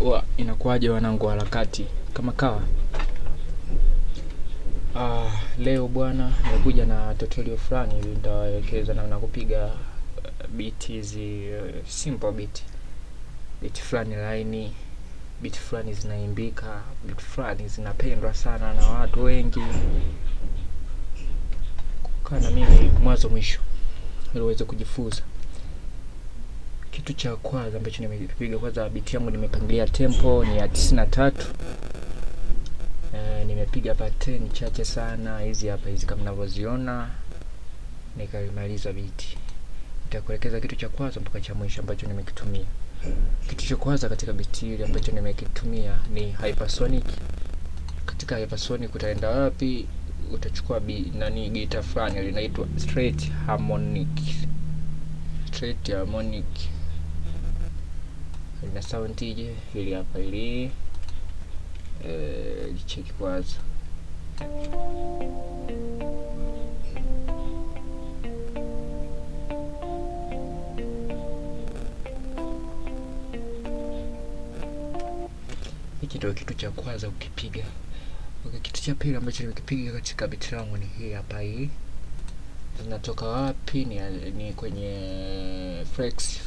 wa inakuwaje wanangu harakati kama kawa. Ah, leo bwana nimekuja na tutorial fulani hivi nitawaelekeza namna kupiga eh, biti hizi uh, simple bit bit fulani laini, bit fulani zinaimbika, bit fulani zinapendwa sana na watu wengi. Kukaa na mimi mwanzo mwisho ili uweze kujifunza. Kitu cha kwanza ambacho nimepiga kwanza, biti yangu nimepangilia tempo ni ya tisini na tatu. E, nimepiga pattern chache sana hizi hapa hizi kama mnavyoziona, nikaimaliza biti. Nitakuelekeza kitu cha kwanza mpaka cha mwisho ambacho nimekitumia. Kitu cha kwanza katika biti hili ambacho nimekitumia ni hypersonic. Katika hypersonic utaenda wapi? Utachukua bi, nani gita fulani linaitwa straight harmonic, straight harmonic na sound ije hili hapa hili licheki eh, kwanza hiki ndio kitu cha kwanza ukipiga. Okay, kitu cha pili ambacho nimekipiga katika biti langu ni hii hapa hii. Zinatoka wapi? Ni, ni kwenye eh, flex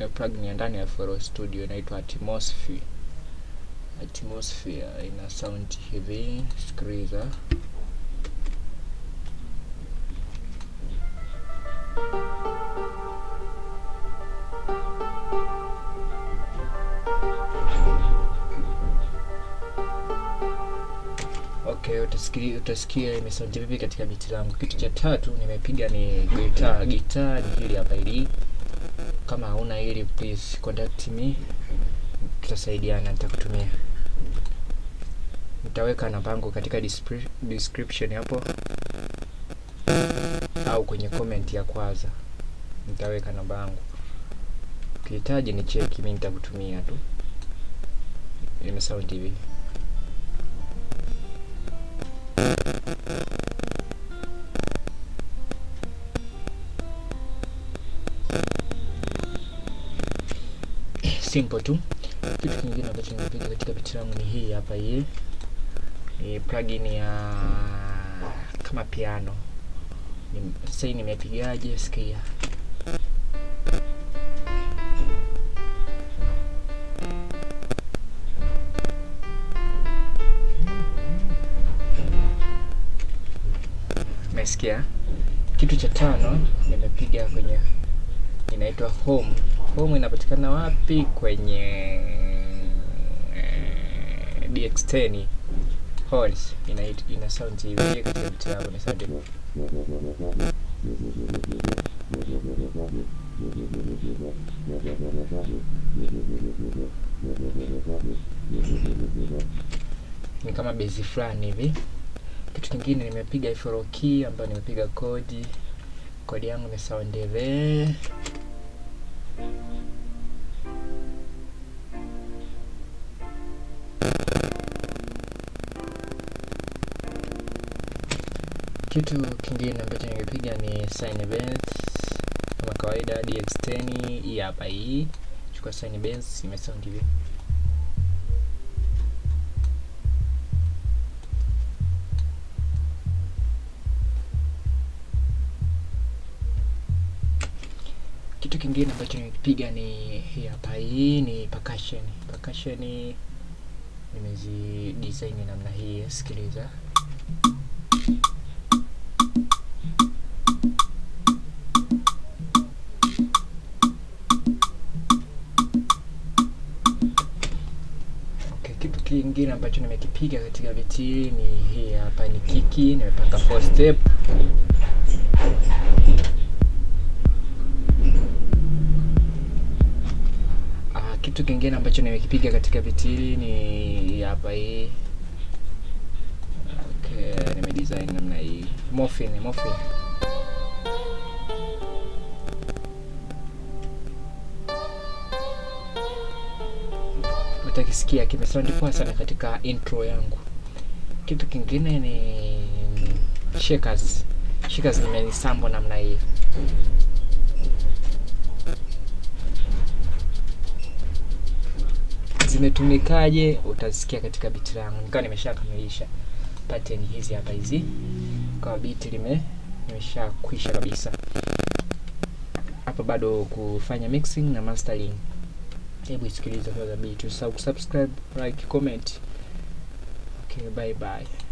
Eh, plugin ya ndani ya FL Studio inaitwa Atmosphere. Atmosphere ina sound hivi, sikiliza. Okay, utasikia utasikia imesaundi vipi katika biti langu. Kitu cha tatu nimepiga ni gitaa. Gitaa ni hili hapa hili kama hauna hili, please contact me, tutasaidiana, nitakutumia. Nitaweka na yangu katika description hapo au kwenye comment ya kwanza, nitaweka na yangu. Ukihitaji ni cheki, mimi nitakutumia tu. Nimesahau TV. simple tu. Kitu kingine ambacho nimepiga katika picha yangu ni hii hapa, hii ni plugin ya kama piano. Sasa nimepigaje? Sikia Kitu cha tano nimepiga kwenye inaitwa home Home inapatikana wapi? Kwenye eh, DX10 halls ina ina sound hiyo hapo, ni sound ni kama bezi fulani hivi. Kitu kingine nimepiga iforoki ambayo nimepiga kodi kodi yangu ni sound hivi. Kitu kingine ambacho ningepiga ni sine event kama kawaida dx10 hii hapa hii chukua sine events imesound hivi kitu kingine ambacho nimepiga ni hii hapa hii ni percussion percussion nimezi design namna hii sikiliza kingine ambacho nimekipiga katika viti hii ni hii hapa, ni kiki. Nimepanga four step ah, kitu kingine ambacho nimekipiga katika viti hili ni hapa hii. Okay, nimedesign namna hii morphine, morphine kukisikia kimesandikwa sana katika intro yangu. Kitu kingine ni shakers. Shakers nimenisambo namna hii zimetumikaje utasikia katika biti langu. Nikawa nimeshakamilisha pattern hizi hapa hizi, kwa biti lime nimeshakwisha kabisa. Hapa bado kufanya mixing na mastering hebu isikilize kwanza beat, usisahau kusubscribe, like, comment. Okay, bye bye.